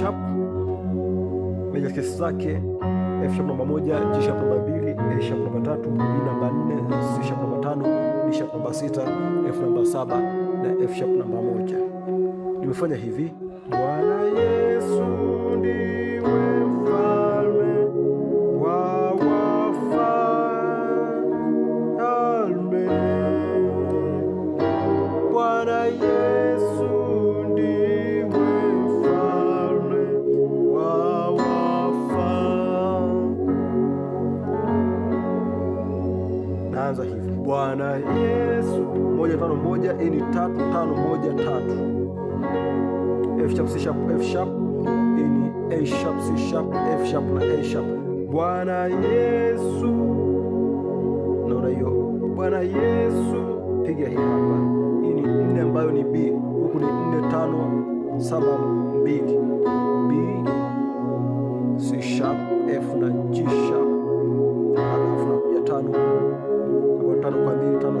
G sharp major kesi zake F sharp namba moja, G sharp namba mbili, A sharp namba tatu, B namba nne, C sharp namba tano, D sharp namba sita, F namba saba na F sharp namba moja. Nimefanya hivi Bwana Yesu ndiye naanza hivi: Bwana Yesu moja tano moja ini tatu tano moja tatu F sharp C sharp F sharp ini A sharp C sharp F sharp na A sharp. Bwana Yesu, naona hiyo. Bwana Yesu, piga hii hapa, ini nne ambayo ni B, huku ni nne tano saba mbili B C sharp F na G sharp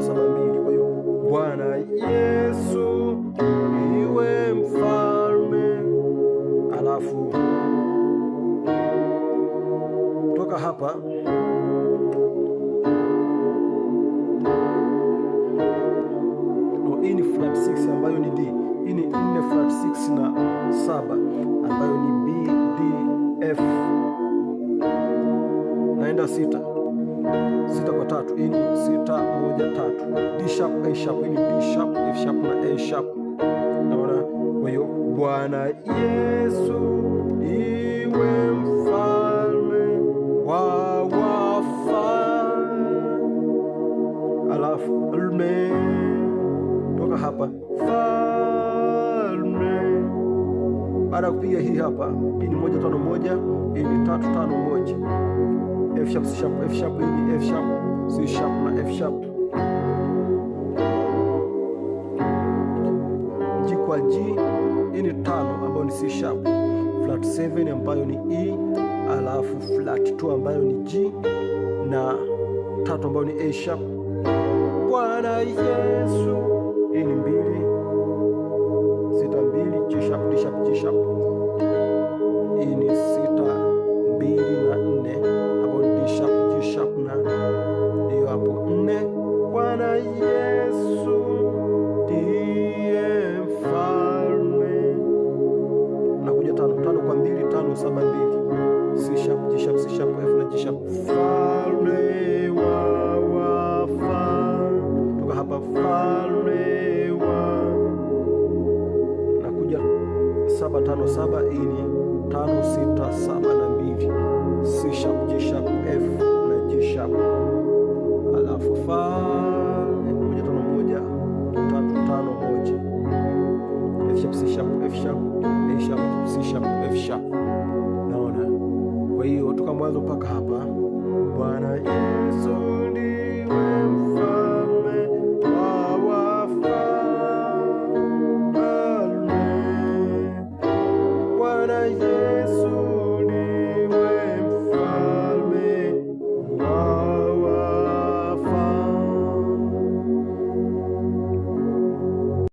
tano saba mbili. Kwa hiyo Bwana Yesu iwe mfalme, alafu toka hapa hii ni flat 6 ambayo ni D. Hii ni 4 flat 6 na saba ambayo ni B D F, naenda sita sita kwa tatu ini sita moja tatu D sharp A sharp ini B sharp F sharp na A sharp. Naona kwa hiyo Bwana Yesu iwe mfalme wa wafalme, alafu lme toka hapa falme. Baada ya kupiga hii hapa ini moja tano moja ini tatu tano moja F sharp, C sharp, F sharp, baby, F sharp, C sharp na F sharp. G kwa G, hii ni tano ambayo ni C sharp, flat 7 ambayo ni E, alafu flat 2 ambayo ni G na tatu ambayo ni A sharp. Bwana Yesu, hii ni mbili sita mbili, G sharp, D sharp, G sharp kukuadhimisha mfalme wa wafalme, toka hapa mfalme wa nakuja saba tano saba ili tano sita saba na mbili C sharp G sharp F na G sharp alafu fa moja tano moja tatu tano moja F sharp C sharp F sharp A sharp C sharp F sharp kutoka mwanzo mpaka hapa. Bwana Yesu